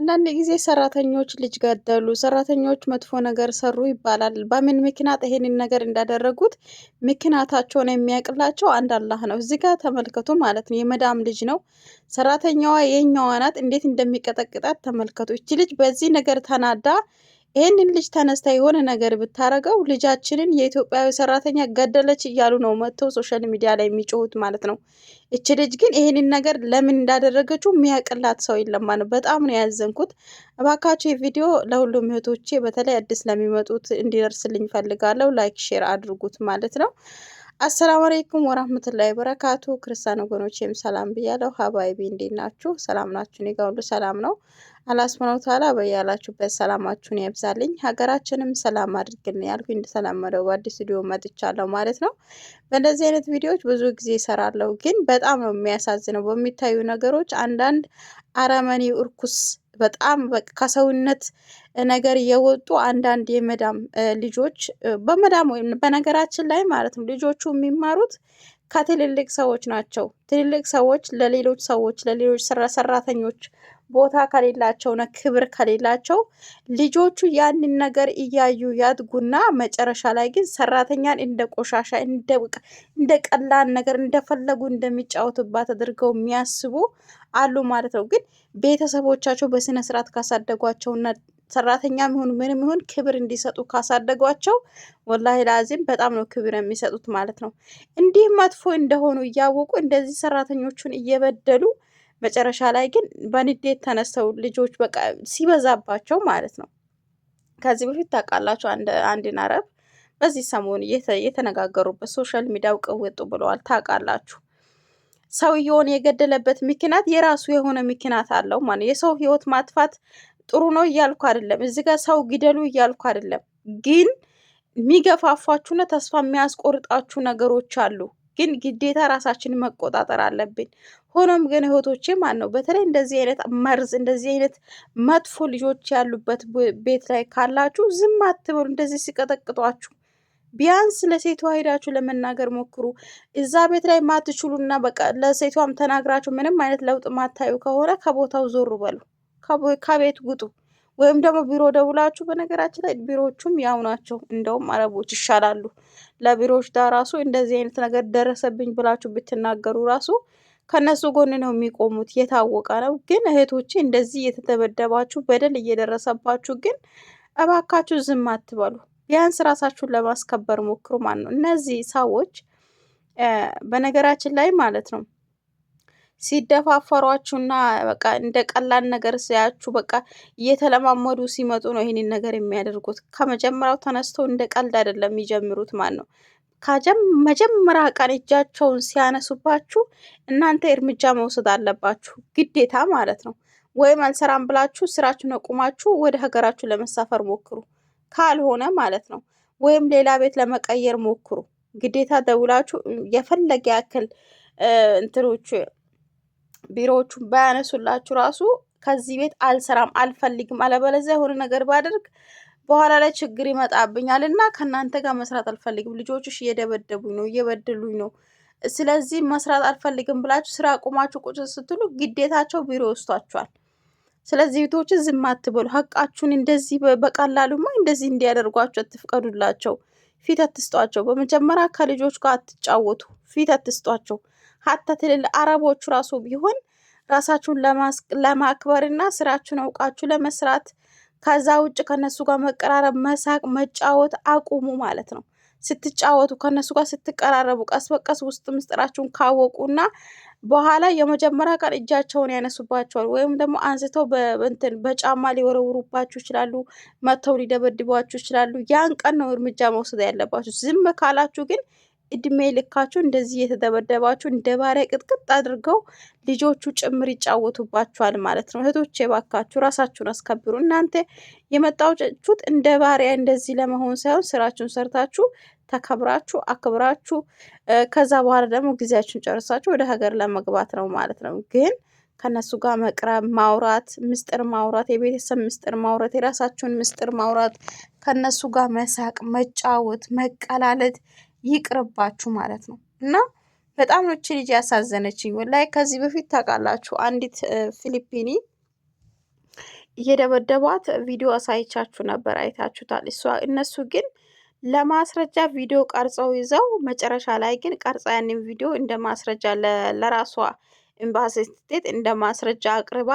አንዳንድ ጊዜ ሰራተኞች ልጅ ገደሉ፣ ሰራተኞች መጥፎ ነገር ሰሩ ይባላል። በምን ምክንያት ይሄንን ነገር እንዳደረጉት ምክንያታቸውን የሚያውቅላቸው አንድ አላህ ነው። እዚህ ጋር ተመልከቱ ማለት ነው። የመዳም ልጅ ነው ሰራተኛዋ፣ የኛዋ ናት። እንዴት እንደሚቀጠቅጣት ተመልከቱ። እቺ ልጅ በዚህ ነገር ተናዳ ይህንን ልጅ ተነስታ የሆነ ነገር ብታረገው ልጃችንን የኢትዮጵያዊ ሰራተኛ ገደለች እያሉ ነው መጥተው ሶሻል ሚዲያ ላይ የሚጮሁት ማለት ነው። እች ልጅ ግን ይህንን ነገር ለምን እንዳደረገችው የሚያቅላት ሰው የለማ ነው። በጣም ነው ያዘንኩት። እባካችሁ የቪዲዮ ለሁሉም እህቶቼ በተለይ አዲስ ለሚመጡት እንዲደርስልኝ ፈልጋለሁ። ላይክ ሼር አድርጉት ማለት ነው። አሰላሙ አለይኩም ወራህመቱላሂ ወበረካቱ። ክርስቲያን ወገኖቼም ሰላም ብያለሁ። ሀባይቢ እንዴት ናችሁ? ሰላም ናችሁ? እኔ ጋ ሁሉ ሰላም ነው። አላህ ሱብሐነሁ ወተዓላ በያላችሁበት ሰላማችሁን ያብዛልኝ፣ ሀገራችንም ሰላም አድርግልን ያልኩ እንደተለመደው በአዲስ ቪዲዮ መጥቻለሁ ማለት ነው። በእንደዚህ አይነት ቪዲዮዎች ብዙ ጊዜ ይሰራለሁ፣ ግን በጣም ነው የሚያሳዝነው በሚታዩ ነገሮች አንዳንድ አረመኔ እርኩስ በጣም ከሰውነት ነገር የወጡ አንዳንድ የመዳም ልጆች በመዳም ወይም በነገራችን ላይ ማለት ነው ልጆቹ የሚማሩት ከትልልቅ ሰዎች ናቸው። ትልልቅ ሰዎች ለሌሎች ሰዎች ለሌሎች ሰራተኞች ቦታ እና ክብር ከሌላቸው ልጆቹ ያንን ነገር እያዩ ያድጉና መጨረሻ ላይ ግን ሰራተኛን እንደ ቆሻሻ እንደ ቀላል ነገር እንደፈለጉ እንደሚጫወቱባት አድርገው የሚያስቡ አሉ ማለት ነው። ግን ቤተሰቦቻቸው በስነ ስርዓት ካሳደጓቸውና ሰራተኛ ሚሆን ምንም ይሁን ክብር እንዲሰጡ ካሳደጓቸው ወላሂ ላዚም በጣም ነው ክብር የሚሰጡት ማለት ነው። እንዲህ መጥፎ እንደሆኑ እያወቁ እንደዚህ ሰራተኞቹን እየበደሉ መጨረሻ ላይ ግን በንዴት ተነስተው ልጆች በቃ ሲበዛባቸው ማለት ነው። ከዚህ በፊት ታውቃላችሁ አንድን አረብ በዚህ ሰሞን የተነጋገሩበት ሶሻል ሚዲያው ቅውጡ ብለዋል። ታውቃላችሁ ሰውየውን የገደለበት ምክንያት የራሱ የሆነ ምክንያት አለው ማለት ነው። የሰው ህይወት ማጥፋት ጥሩ ነው እያልኩ አይደለም፣ እዚህ ጋር ሰው ግደሉ እያልኩ አይደለም። ግን የሚገፋፋችሁና ተስፋ የሚያስቆርጣችሁ ነገሮች አሉ። ግን ግዴታ ራሳችንን መቆጣጠር አለብን። ሆኖም ግን እህቶቼ ማን ነው በተለይ እንደዚህ አይነት መርዝ እንደዚህ አይነት መጥፎ ልጆች ያሉበት ቤት ላይ ካላችሁ ዝም አትበሉ። እንደዚህ ሲቀጠቅጧችሁ ቢያንስ ለሴቷ ሄዳችሁ ለመናገር ሞክሩ። እዛ ቤት ላይ ማትችሉና በቃ ለሴቷም ተናግራችሁ ምንም አይነት ለውጥ ማታዩ ከሆነ ከቦታው ዞሩ በሉ፣ ከቤት ውጡ። ወይም ደግሞ ቢሮ ደውላችሁ፣ በነገራችን ላይ ቢሮዎቹም ያው ናቸው። እንደውም አረቦች ይሻላሉ። ለቢሮዎች ዳ ራሱ እንደዚህ አይነት ነገር ደረሰብኝ ብላችሁ ብትናገሩ ራሱ ከነሱ ጎን ነው የሚቆሙት። የታወቀ ነው። ግን እህቶቼ እንደዚህ እየተደበደባችሁ በደል እየደረሰባችሁ ግን እባካችሁ ዝም አትበሉ። ቢያንስ ራሳችሁን ለማስከበር ሞክሩ። ማን ነው እነዚህ ሰዎች በነገራችን ላይ ማለት ነው ሲደፋፈሯችሁና በቃ እንደ ቀላል ነገር ሲያችሁ በቃ እየተለማመዱ ሲመጡ ነው ይህንን ነገር የሚያደርጉት። ከመጀመሪያው ተነስተው እንደ ቀልድ አይደለም የሚጀምሩት ማለት ነው። መጀመሪያ ቀን እጃቸውን ሲያነሱባችሁ እናንተ እርምጃ መውሰድ አለባችሁ ግዴታ ማለት ነው። ወይም አልሰራም ብላችሁ ስራችሁን አቁማችሁ ወደ ሀገራችሁ ለመሳፈር ሞክሩ፣ ካልሆነ ማለት ነው። ወይም ሌላ ቤት ለመቀየር ሞክሩ። ግዴታ ደውላችሁ የፈለገ ያክል እንትኖች ቢሮዎቹን ባያነሱላችሁ ራሱ ከዚህ ቤት አልሰራም አልፈልግም፣ አለበለዚያ የሆነ ነገር ባደርግ በኋላ ላይ ችግር ይመጣብኛል እና ከእናንተ ጋር መስራት አልፈልግም፣ ልጆችሽ እየደበደቡኝ ነው፣ እየበደሉኝ ነው፣ ስለዚህ መስራት አልፈልግም ብላችሁ ስራ ቁማችሁ ቁጭ ስትሉ ግዴታቸው ቢሮ ወስቷችኋል። ስለዚህ ቤቶችን ዝም አትበሉ። ሀቃችሁን እንደዚህ በቀላሉማ እንደዚህ እንዲያደርጓቸው አትፍቀዱላቸው። ፊት አትስጧቸው። በመጀመሪያ ከልጆች ጋር አትጫወቱ። ፊት አትስጧቸው። ሀታ ትልል አረቦቹ ራሱ ቢሆን ራሳችሁን ለማክበርና ስራችሁን አውቃችሁ ለመስራት ከዛ ውጭ ከነሱ ጋር መቀራረብ፣ መሳቅ፣ መጫወት አቁሙ ማለት ነው። ስትጫወቱ ከነሱ ጋር ስትቀራረቡ ቀስ በቀስ ውስጥ ምስጢራችሁን ካወቁና በኋላ የመጀመሪያ ቀን እጃቸውን ያነሱባቸዋል ወይም ደግሞ አንስተው በእንትን በጫማ ሊወረውሩባችሁ ይችላሉ። መተው ሊደበድቧችሁ ይችላሉ። ያን ቀን ነው እርምጃ መውሰድ ያለባችሁ። ዝም ካላችሁ ግን እድሜ ልካችሁ እንደዚህ እየተደበደባችሁ እንደ ባሪያ ቅጥቅጥ አድርገው ልጆቹ ጭምር ይጫወቱባችኋል ማለት ነው። እህቶች የባካችሁ ራሳችሁን አስከብሩ። እናንተ የመጣችሁት እንደ ባሪያ እንደዚህ ለመሆን ሳይሆን ስራችሁን ሰርታችሁ ተከብራችሁ አክብራችሁ ከዛ በኋላ ደግሞ ጊዜያችሁን ጨርሳችሁ ወደ ሀገር ለመግባት ነው ማለት ነው ግን ከነሱ ጋር መቅረብ፣ ማውራት፣ ምስጢር ማውራት፣ የቤተሰብ ምስጢር ማውራት፣ የራሳችሁን ምስጢር ማውራት፣ ከነሱ ጋር መሳቅ፣ መጫወት፣ መቀላለድ ይቅርባችሁ ማለት ነው እና በጣም ነው ልጅ ያሳዘነችኝ። ላይ ከዚህ በፊት ታውቃላችሁ አንዲት ፊሊፒኒ እየደበደቧት ቪዲዮ አሳይቻችሁ ነበር፣ አይታችሁታል። እሷ እነሱ ግን ለማስረጃ ቪዲዮ ቀርጸው ይዘው መጨረሻ ላይ ግን ቀርጻ ያንን ቪዲዮ እንደ ማስረጃ ለራሷ ኤምባሲ እንደ ማስረጃ አቅርባ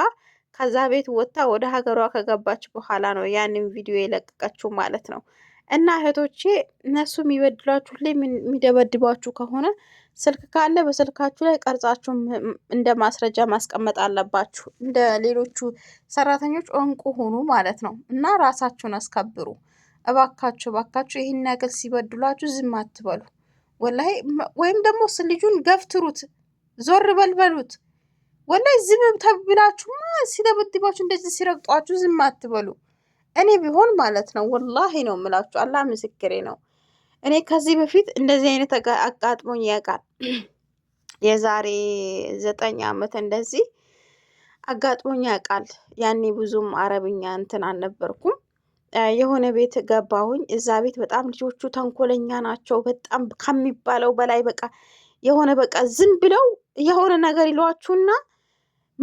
ከዛ ቤት ወጥታ ወደ ሀገሯ ከገባች በኋላ ነው ያንን ቪዲዮ የለቀቀችው ማለት ነው። እና እህቶቼ እነሱ የሚበድሏችሁ ሁሌ የሚደበድቧችሁ ከሆነ ስልክ ካለ በስልካችሁ ላይ ቀርጻችሁ እንደ ማስረጃ ማስቀመጥ አለባችሁ። እንደ ሌሎቹ ሰራተኞች እንቁ ሁኑ ማለት ነው እና ራሳችሁን አስከብሩ። እባካችሁ እባካችሁ ይህን ነገር ሲበድሏችሁ ዝም አትበሉ። ወላሂ ወይም ደግሞ ልጁን ገፍትሩት፣ ዞር በልበሉት። ወላይ ዝም ተብላችሁማ ሲደበድባችሁ እንደዚህ ሲረግጧችሁ ዝም አትበሉ። እኔ ቢሆን ማለት ነው ወላሂ ነው የምላችሁ፣ አላህ ምስክሬ ነው። እኔ ከዚህ በፊት እንደዚህ አይነት አጋጥሞኝ ያውቃል። የዛሬ ዘጠኝ ዓመት እንደዚህ አጋጥሞኝ ያውቃል። ያኔ ብዙም አረብኛ እንትን አልነበርኩም። የሆነ ቤት ገባሁኝ። እዛ ቤት በጣም ልጆቹ ተንኮለኛ ናቸው፣ በጣም ከሚባለው በላይ በቃ የሆነ በቃ ዝም ብለው የሆነ ነገር ይሏችሁና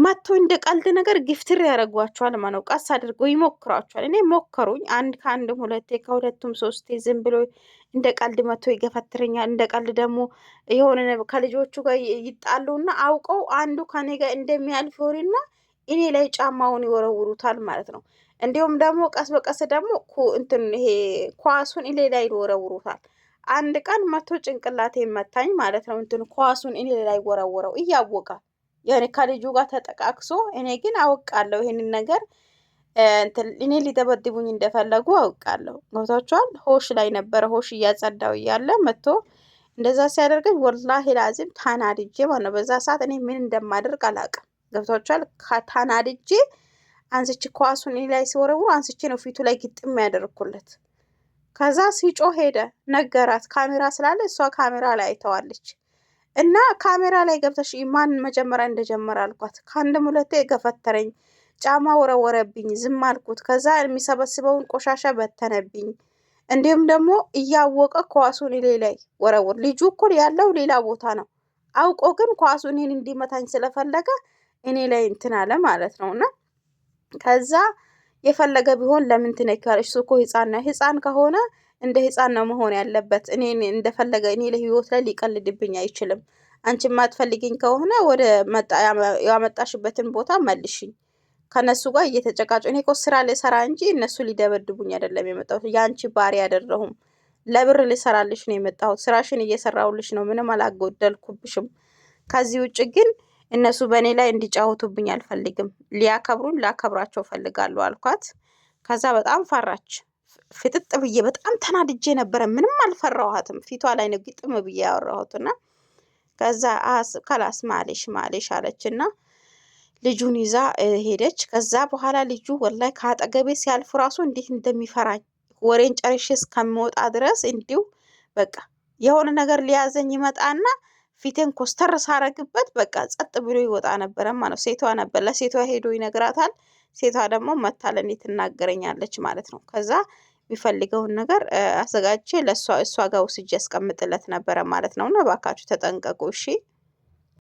መጥቶ እንደ ቀልድ ነገር ግፍትር ያደርጓቸዋል ማለት ነው። ቀስ አድርጎ ይሞክሯቸዋል። እኔ ሞከሩኝ አንድ ከአንድም ሁለቴ ከሁለቱም ሶስቴ ዝም ብሎ እንደ ቀልድ መቶ ይገፈትረኛል። እንደ ቀልድ ደግሞ የሆነ ከልጆቹ ጋር ይጣሉና አውቀው አንዱ ከኔ ጋር እንደሚያልፍ ይሆንና እኔ ላይ ጫማውን ይወረውሩታል ማለት ነው። እንዲሁም ደግሞ ቀስ በቀስ ደግሞ እንትን ይሄ ኳሱን እኔ ላይ ይወረውሩታል። አንድ ቀን መቶ ጭንቅላቴ መታኝ ማለት ነው። እንትን ኳሱን እኔ ላይ ወረወረው እያወቃል የሆነ ከልጁ ጋር ተጠቃቅሶ፣ እኔ ግን አውቃለሁ ይሄንን ነገር እኔ ሊደበድቡኝ እንደፈለጉ አውቃለሁ። ገብቷችኋል? ሆሽ ላይ ነበረ። ሆሽ እያጸዳው እያለ መጥቶ እንደዛ ሲያደርገኝ ወላሂ ላዚም ታናድጄ ማለት ነው። በዛ ሰዓት እኔ ምን እንደማደርግ አላውቅም። ገብቷችኋል? ታናድጄ አንስቼ ኳሱን እኔ ላይ ሲወረውር አንስቼ ነው ፊቱ ላይ ግጥም ያደርኩለት። ከዛ ሲጮ ሄደ ነገራት። ካሜራ ስላለ እሷ ካሜራ ላይ አይተዋለች። እና ካሜራ ላይ ገብተሽ ማን መጀመሪያ እንደጀመረ አልኳት። ከአንድም ሁለቴ ገፈተረኝ፣ ጫማ ወረወረብኝ፣ ዝም አልኩት። ከዛ የሚሰበስበውን ቆሻሻ በተነብኝ። እንዲሁም ደግሞ እያወቀ ኳሱን እኔ ላይ ወረወር። ልጁ እኩል ያለው ሌላ ቦታ ነው፣ አውቆ ግን ኳሱ እኔን እንዲመታኝ ስለፈለገ እኔ ላይ እንትን አለ ማለት ነው እና ከዛ የፈለገ ቢሆን ለምን ትነኪዋለሽ? እሱ እኮ ህፃን ነው። ህፃን ከሆነ እንደ ህፃን ነው መሆን ያለበት። እኔ እንደፈለገ እኔ ለህይወት ላይ ሊቀልድብኝ አይችልም። አንቺ የማትፈልግኝ ከሆነ ወደ ያመጣሽበትን ቦታ መልሽኝ። ከነሱ ጋር እየተጨቃጨ እኔ እኮ ስራ ልሰራ እንጂ እነሱ ሊደበድቡኝ አይደለም የመጣሁት። የአንቺ ባሪ አይደለሁም። ለብር ልሰራልሽ ነው የመጣሁት። ስራሽን እየሰራሁልሽ ነው። ምንም አላጎደልኩብሽም። ከዚህ ውጭ ግን እነሱ በእኔ ላይ እንዲጫወቱብኝ አልፈልግም። ሊያከብሩን ላከብራቸው ፈልጋለሁ አልኳት። ከዛ በጣም ፈራች። ፍጥጥ ብዬ በጣም ተናድጄ ነበረ። ምንም አልፈራኋትም። ፊቷ ላይ ነው ግጥም ብዬ ያወራሁት እና ከዛ ከላስ ማሌሽ ማሌሽ አለች እና ልጁን ይዛ ሄደች። ከዛ በኋላ ልጁ ወላይ ከአጠገቤ ሲያልፍ ራሱ እንዴት እንደሚፈራኝ ወሬን ጨርሼ እስከምወጣ ድረስ እንዲሁ በቃ የሆነ ነገር ሊያዘኝ ይመጣና ፊቴን ኮስተር ሳረግበት በቃ ጸጥ ብሎ ይወጣ ነበረ ማለት ሴቷ ነበር ለሴቷ ሄዶ ይነግራታል። ሴቷ ደግሞ መታ ለእኔ ትናገረኛለች ማለት ነው። ከዛ የሚፈልገውን ነገር አዘጋጅቼ ለእሷ እሷ ጋር ውስጅ ያስቀምጥለት ነበረ ማለት ነው። እና እባካችሁ ተጠንቀቁ እሺ።